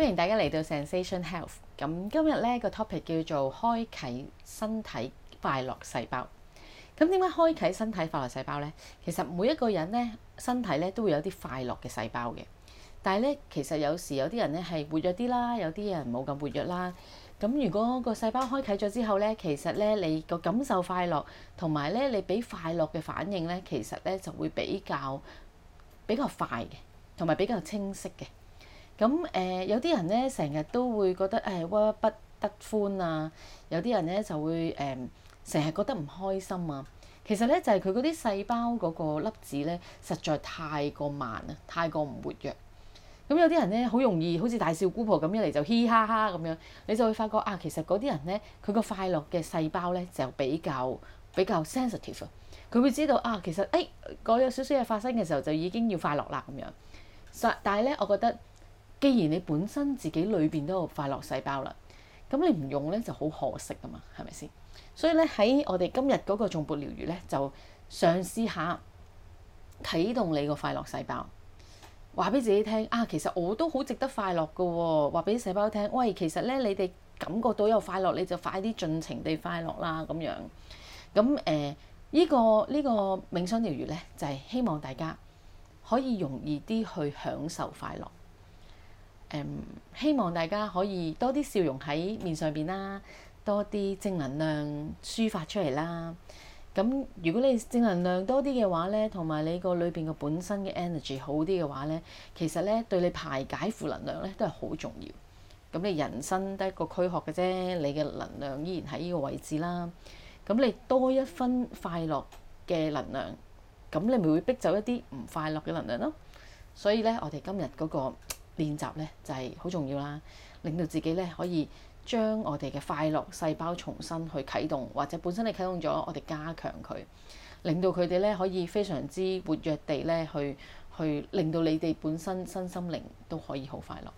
歡迎大家嚟到 Zensation Health。咁今日咧個 topic 叫做開啓身體快樂細胞。咁點解開啓身體快樂細胞呢？其實每一個人咧身體咧都會有啲快樂嘅細胞嘅。但係咧其實有時有啲人咧係活躍啲啦，有啲人冇咁活躍啦。咁如果個細胞開啓咗之後咧，其實咧你個感受快樂同埋咧你俾快樂嘅反應咧，其實咧就會比較比較快嘅，同埋比較清晰嘅。咁誒、呃、有啲人咧，成日都會覺得誒屈、哎呃、不得歡啊。有啲人咧就會誒成、呃、日覺得唔開心啊。其實咧就係佢嗰啲細胞嗰個粒子咧，實在太過慢啊，太過唔活躍。咁有啲人咧好容易好似大笑姑婆咁一嚟就嘻哈哈咁樣，你就會發覺啊，其實嗰啲人咧佢個快樂嘅細胞咧就比較比較 sensitive 佢會知道啊，其實誒嗰有少少嘢發生嘅時候就已經要快樂啦咁樣。但係咧，我覺得。既然你本身自己裏邊都有快樂細胞啦，咁你唔用呢就好可惜噶嘛，係咪先？所以咧喺我哋今日嗰個頌缽療癒呢，就嘗試下啟動你個快樂細胞，話俾自己聽啊。其實我都好值得快樂噶喎，話俾細胞聽。喂，其實呢，你哋感覺到有快樂，你就快啲盡情地快樂啦。咁樣咁誒，呢、呃這個呢、這個冥想療癒呢，就係、是、希望大家可以容易啲去享受快樂。嗯、希望大家可以多啲笑容喺面上邊啦，多啲正能量抒發出嚟啦。咁如果你正能量多啲嘅話呢，同埋你個裏邊嘅本身嘅 energy 好啲嘅話呢，其實呢對你排解負能量呢都係好重要。咁你人生得一個軀殼嘅啫，你嘅能量依然喺呢個位置啦。咁你多一分快樂嘅能量，咁你咪會逼走一啲唔快樂嘅能量咯。所以呢，我哋今日嗰、那個。練習咧就係、是、好重要啦，令到自己咧可以將我哋嘅快樂細胞重新去啟動，或者本身你啟動咗，我哋加強佢，令到佢哋咧可以非常之活躍地咧去去令到你哋本身身心靈都可以好快樂。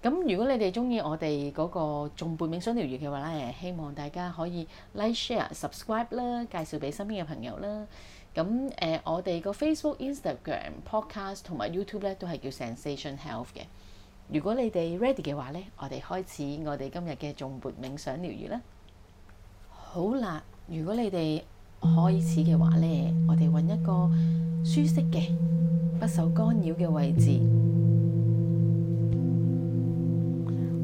咁如果你哋鍾意我哋嗰個頌缽冥想條魚嘅話咧，希望大家可以 like share subscribe 啦，介紹俾身邊嘅朋友啦。咁誒、呃，我哋個 Facebook、Instagram、Podcast 同埋 YouTube 咧，都係叫 Zensation Health 嘅。如果你哋 ready 嘅話咧，我哋開始我哋今日嘅頌缽冥想療癒啦。好啦，如果你哋開始嘅話咧，我哋揾一個舒適嘅、不受干擾嘅位置。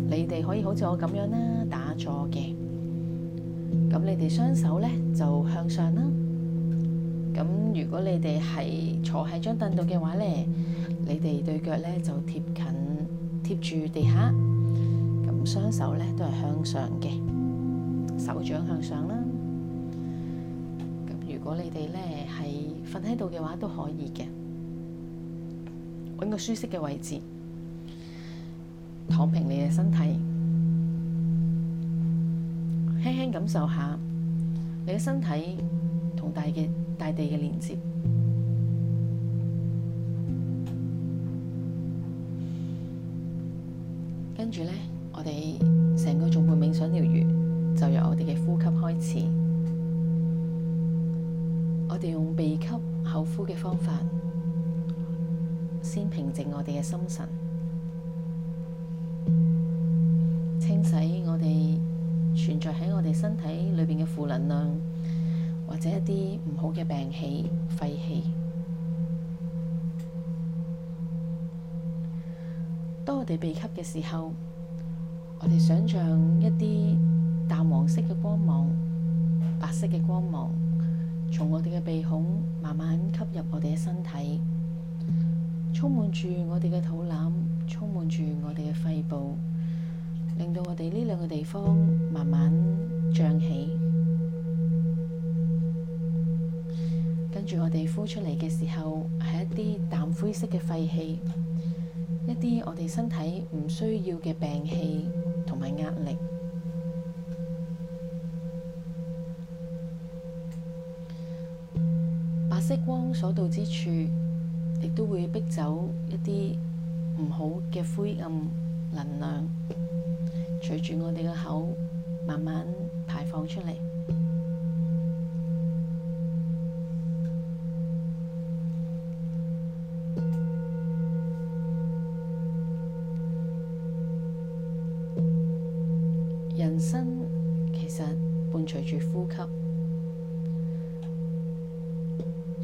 你哋可以好似我咁樣啦，打坐嘅。咁你哋雙手咧就向上啦。咁如果你哋係坐喺張凳度嘅話咧，你哋對腳咧就貼近貼住地下，咁雙手咧都係向上嘅，手掌向上啦。咁如果你哋咧係瞓喺度嘅話都可以嘅，揾個舒適嘅位置，躺平你嘅身體，輕輕感受下你嘅身體同大嘅。大地嘅連接，跟住呢，我哋成個頌缽冥想療癒，就由我哋嘅呼吸開始。我哋用鼻吸口呼嘅方法，先平靜我哋嘅心神，清洗我哋存在喺我哋身體裏邊嘅負能量，或者一啲唔好嘅病氣、廢氣。當我哋鼻吸嘅時候，我哋想象一啲淡黃色嘅光芒、白色嘅光芒，從我哋嘅鼻孔慢慢吸入我哋嘅身體，充滿住我哋嘅肚腩，充滿住我哋嘅肺部，令到我哋呢兩個地方慢慢脹起。跟住我哋呼出嚟嘅時候，係一啲淡灰色嘅廢氣，一啲我哋身體唔需要嘅病氣同埋壓力。白色光所到之處，亦都會逼走一啲唔好嘅灰暗能量，隨住我哋嘅口慢慢排放出嚟。人生其實伴隨住呼吸，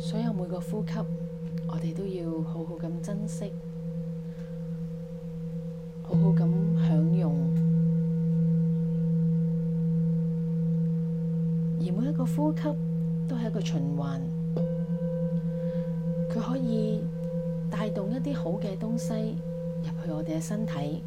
所有每個呼吸，我哋都要好好咁珍惜，好好咁享用。而每一個呼吸都係一個循環，佢可以帶動一啲好嘅東西入去我哋嘅身體。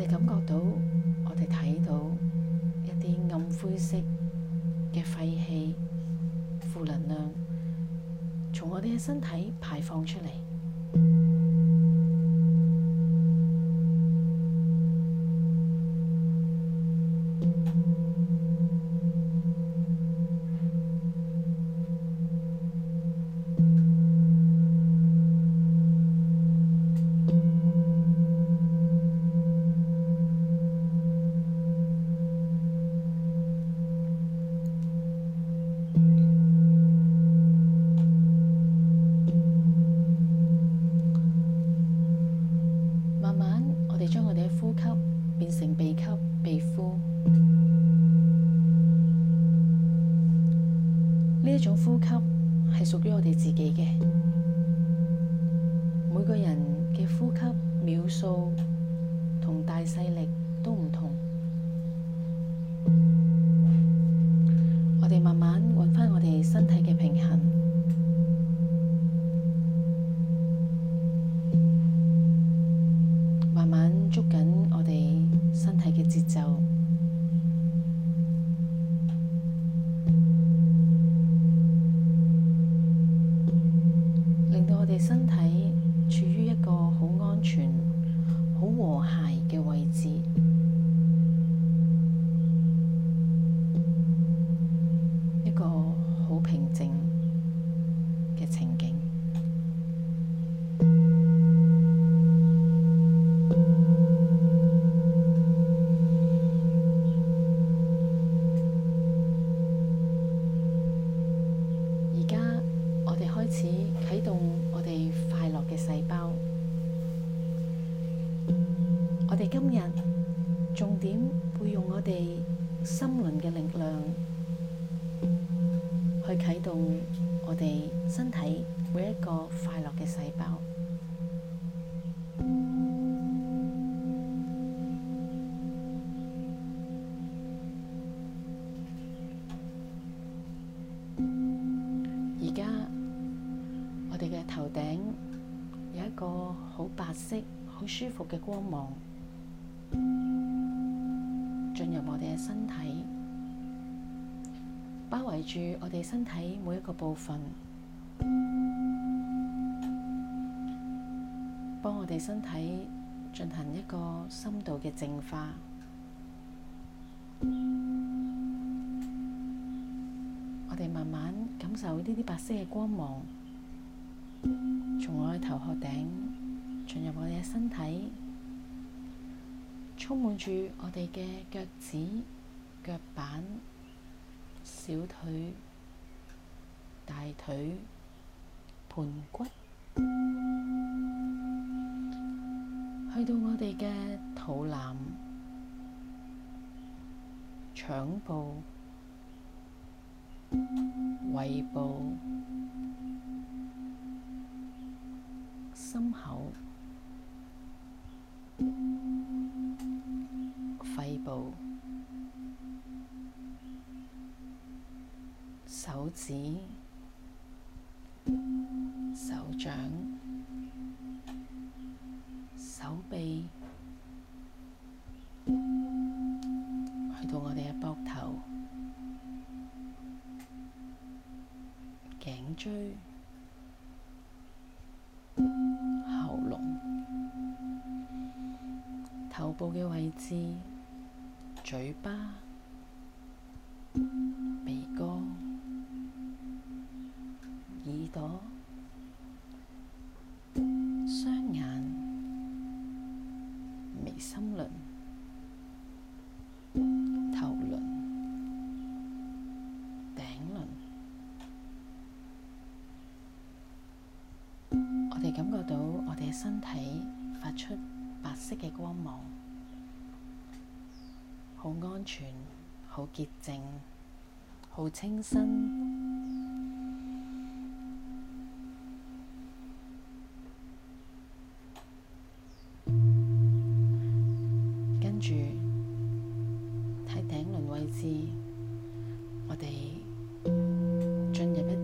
我哋感覺到，我哋睇到一啲暗灰色嘅廢氣、負能量，從我哋嘅身體排放出嚟。皮膚呢一種呼吸係屬於我哋自己嘅，每個人嘅呼吸秒數同大細力都唔同。我哋嘅頭頂有一個好白色、好舒服嘅光芒進入我哋嘅身體，包圍住我哋身體每一個部分，幫我哋身體進行一個深度嘅淨化。我哋慢慢感受呢啲白色嘅光芒。從我嘅頭殼頂進入我哋嘅身體，充滿住我哋嘅腳趾、腳板、小腿、大腿、盤骨，去到我哋嘅肚腩、腸部、胃部。心口、肺部、手指、手掌。字、嘴巴、鼻哥、耳朵。清新，跟住喺頂輪位置，我哋進入一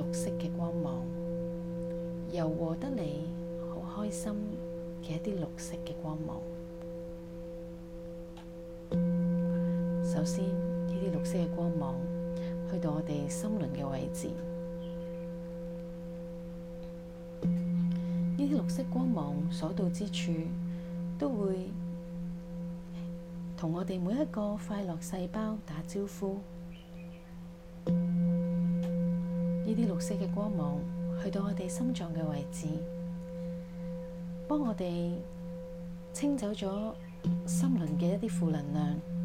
啲綠色嘅光芒，柔和得嚟好開心嘅一啲綠色嘅光芒。首先。呢啲綠色嘅光芒去到我哋心輪嘅位置，呢啲綠色光芒所到之處都會同我哋每一個快樂細胞打招呼。呢啲綠色嘅光芒去到我哋心臟嘅位置，幫我哋清走咗心輪嘅一啲負能量。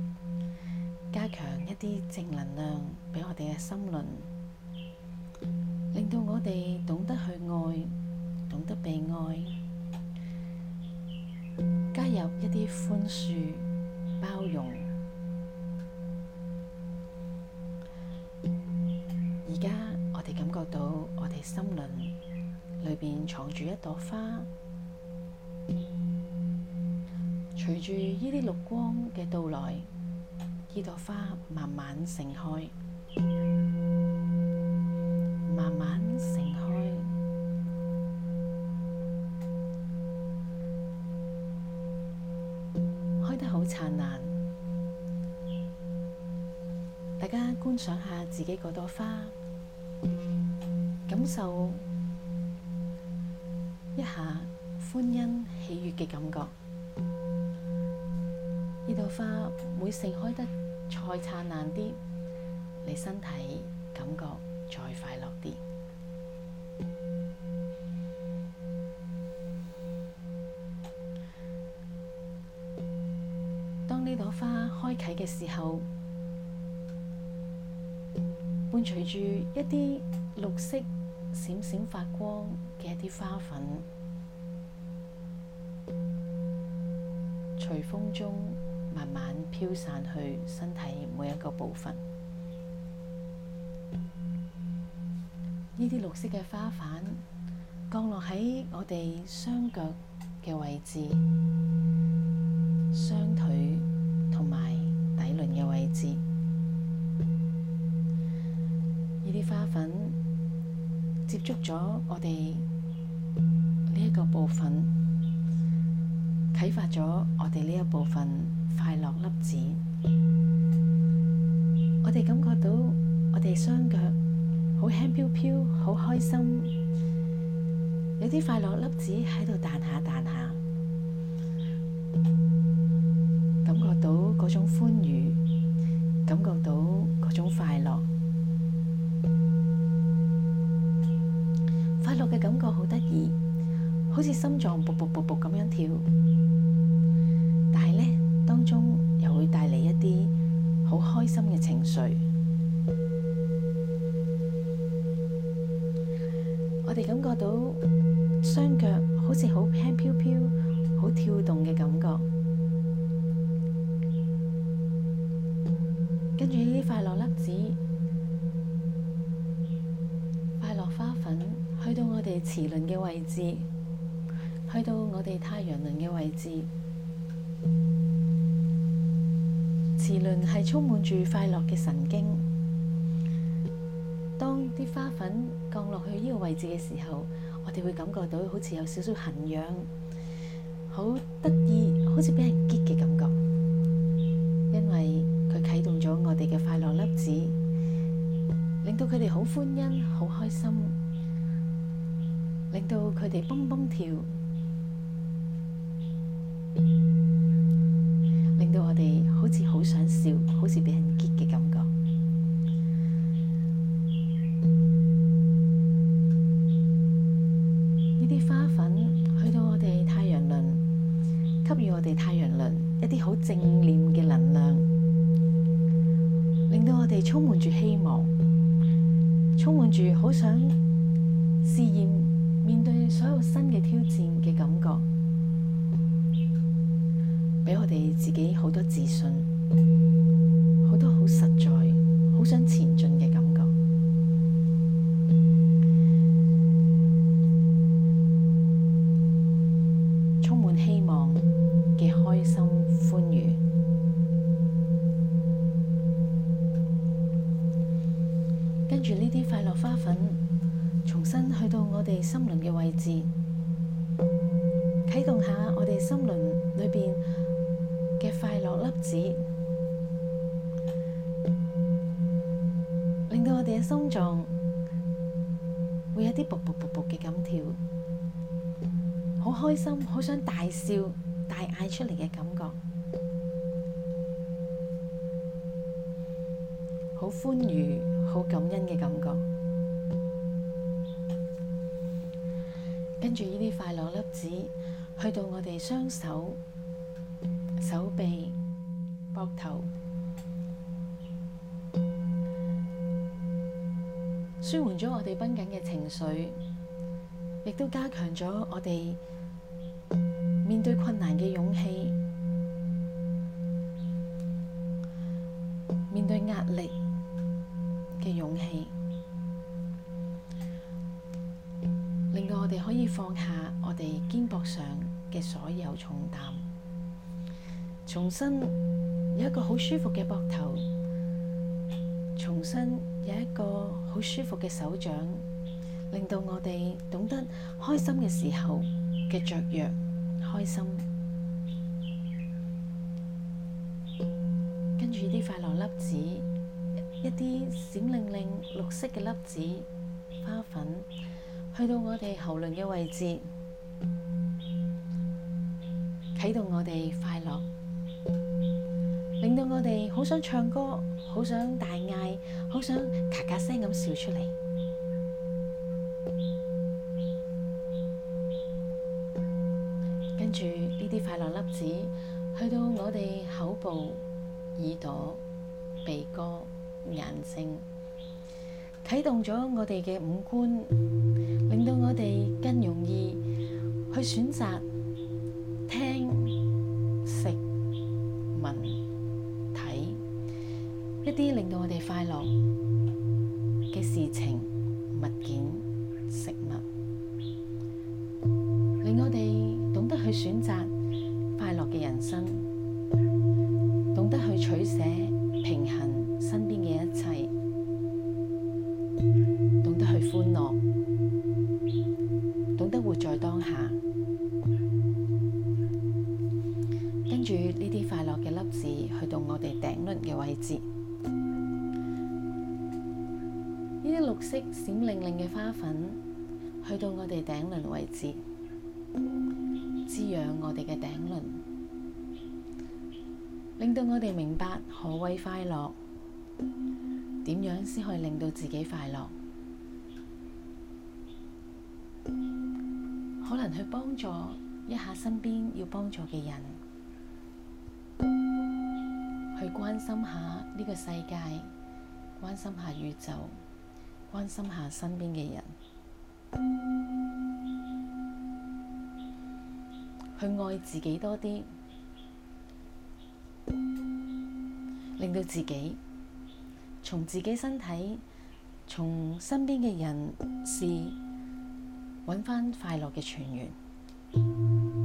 加強一啲正能量畀我哋嘅心輪，令到我哋懂得去愛，懂得被愛，加入一啲寬恕、包容。而家我哋感覺到我哋心輪裏邊藏住一朵花，隨住呢啲綠光嘅到來。呢朵花慢慢盛開，慢慢盛開，開得好燦爛。大家觀賞下自己嗰朵花，感受一下歡欣喜悦嘅感覺。呢朵花每盛開得。再燦爛啲，你身體感覺再快樂啲。當呢朵花開啟嘅時候，伴隨住一啲綠色閃閃發光嘅一啲花粉，隨風中。慢慢飄散去身體每一個部分。呢啲綠色嘅花瓣降落喺我哋雙腳嘅位置、雙腿同埋底輪嘅位置。呢啲花粉接觸咗我哋呢一個部分，啟發咗我哋呢一部分。快樂粒子，我哋感覺到我哋雙腳好輕飄飄，好開心，有啲快樂粒子喺度彈下彈下，感覺到嗰種歡愉，感覺到嗰種快樂，快樂嘅感覺好得意，好似心臟噗噗噗噗咁樣跳。中又會帶嚟一啲好開心嘅情緒，我哋感覺到雙腳好似好輕飄飄、好跳動嘅感覺，跟住呢啲快樂粒子、快樂花粉去到我哋臍輪嘅位置，去到我哋太陽輪嘅位置。無論係充滿住快樂嘅神經，當啲花粉降落去呢個位置嘅時候，我哋會感覺到好似有少少痕癢，好得意，好似俾人激嘅感覺，因為佢啟動咗我哋嘅快樂粒子，令到佢哋好歡欣、好開心，令到佢哋蹦蹦跳，令到我哋。似好 想笑，好似俾人激嘅感覺。呢啲花粉去到我哋太陽輪，給予我哋太陽輪一啲好正面嘅能量，令到我哋充滿住希望，充滿住好想試驗面對所有新嘅挑戰嘅感覺，畀我哋自己好多自信。好多好實在，好想前進嘅感覺，充滿希望嘅開心歡愉，跟住呢啲快樂花粉，重新去到我哋心輪嘅位置，啟動下我哋心輪裏邊嘅快樂粒子。嘅心臟會有啲勃勃勃勃嘅咁跳，好開心，好想大笑大嗌出嚟嘅感覺，好歡愉，好感恩嘅感覺。跟住呢啲快樂粒子，去到我哋雙手、手臂、膊頭。舒緩咗我哋繃緊嘅情緒，亦都加強咗我哋面對困難嘅勇氣，面對壓力嘅勇氣。令到我哋可以放下我哋肩膊上嘅所有重擔，重新有一個好舒服嘅膊頭，重新。有一個好舒服嘅手掌，令到我哋懂得開心嘅時候嘅雀躍開心，跟住啲快樂粒子，一啲閃亮亮綠色嘅粒子花粉，去到我哋喉輪嘅位置，啟動我哋快樂。令到我哋好想唱歌，好想大嗌，好想咔咔聲咁笑出嚟。跟住呢啲快樂粒子，去到我哋口部、耳朵、鼻哥、眼睛，啟動咗我哋嘅五官，令到我哋更容易去選擇。啲令到我哋快樂嘅事情、物件、食物，令我哋懂得去選擇快樂嘅人生，懂得去取捨。花粉去到我哋頂輪位置，滋養我哋嘅頂輪，令到我哋明白何謂快樂，點樣先可以令到自己快樂。可能去幫助一下身邊要幫助嘅人，去關心下呢個世界，關心下宇宙。關心下身邊嘅人，去愛自己多啲，令到自己從自己身體，從身邊嘅人事搵翻快樂嘅泉源。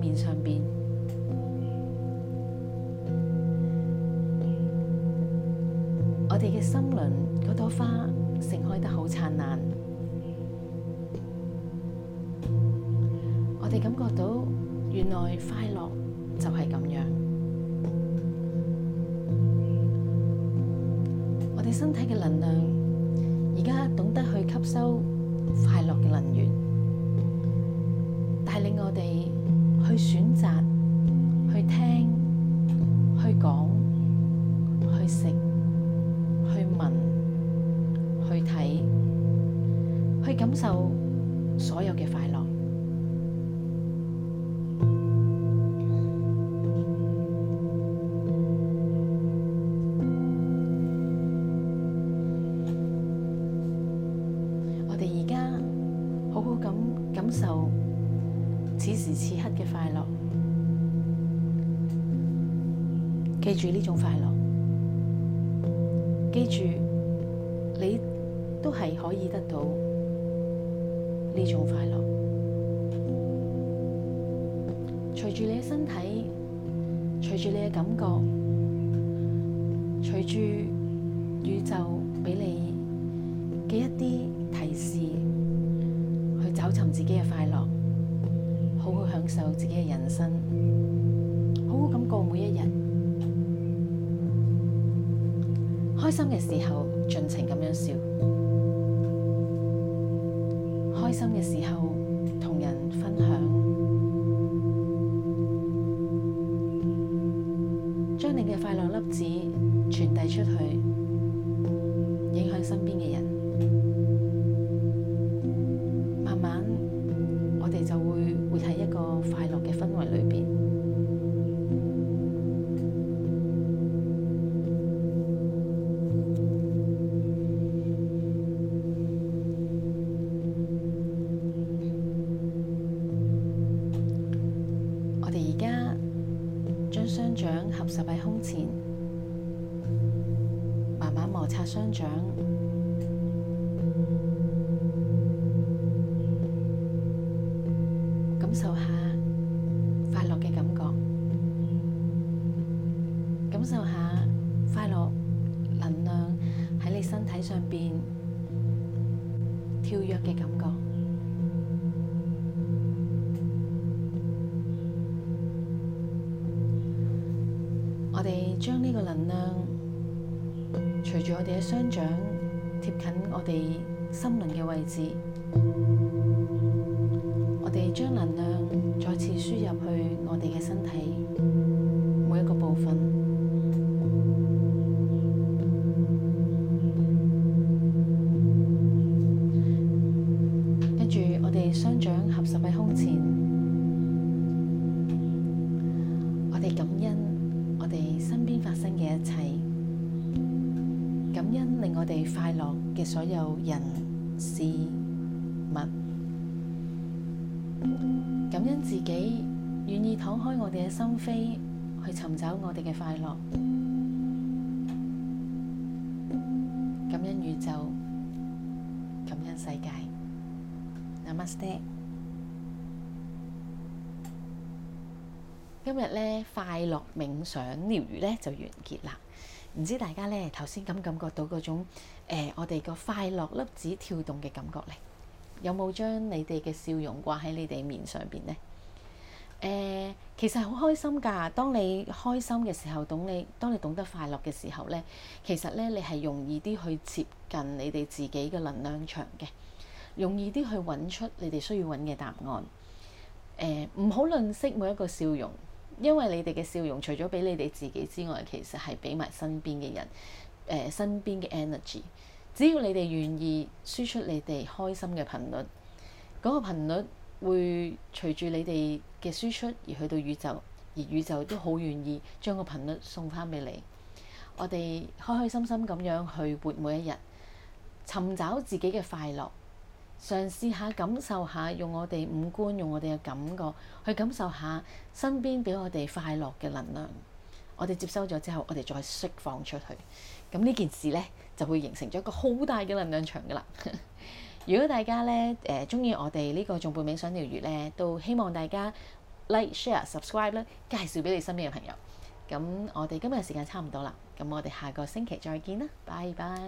面上邊，我哋嘅心輪嗰朵花盛開得好燦爛，我哋感覺到原來快樂就係咁樣。我哋身體嘅能量而家懂得去吸收快樂嘅能源，帶領我哋。去選擇。記住，你都係可以得到呢種快樂。隨住你嘅身體，隨住你嘅感覺，隨住宇宙畀你嘅一啲提示，去找尋自己嘅快樂，好好享受自己嘅人生，好好咁過每一日。開心嘅時候，盡情咁樣笑。開心嘅時候，將呢個能量隨住我哋嘅雙掌貼近我哋心輪嘅位置，我哋將能量再次輸入去我哋嘅身體，每一個部分。心扉去尋找我哋嘅快樂，感恩宇宙，感恩世界。Namaste。今日呢，快樂冥想療癒呢就完結啦。唔知大家呢，頭先感唔感覺到嗰種誒，我哋個快樂粒子跳動嘅感覺呢，有冇將你哋嘅笑容掛喺你哋面上邊呢？誒，其實好開心㗎。當你開心嘅時候，懂你；當你懂得快樂嘅時候呢，其實呢，你係容易啲去接近你哋自己嘅能量場嘅，容易啲去揾出你哋需要揾嘅答案。誒，唔好吝惜每一個笑容，因為你哋嘅笑容除咗俾你哋自己之外，其實係俾埋身邊嘅人，誒，身邊嘅 energy。只要你哋願意輸出你哋開心嘅頻率，嗰個頻率，會隨住你哋嘅輸出而去到宇宙，而宇宙都好願意將個頻率送翻俾你。我哋開開心心咁樣去活每一日，尋找自己嘅快樂，嘗試下感受下，用我哋五官，用我哋嘅感覺去感受下身邊俾我哋快樂嘅能量。我哋接收咗之後，我哋再釋放出去。咁呢件事呢，就會形成咗一個好大嘅能量場㗎啦。 如果大家咧誒中意我哋呢個《頌缽冥想療癒》咧，都希望大家 like、share、subscribe 啦，介紹俾你身邊嘅朋友。咁我哋今日時間差唔多啦，咁我哋下個星期再見啦，拜拜。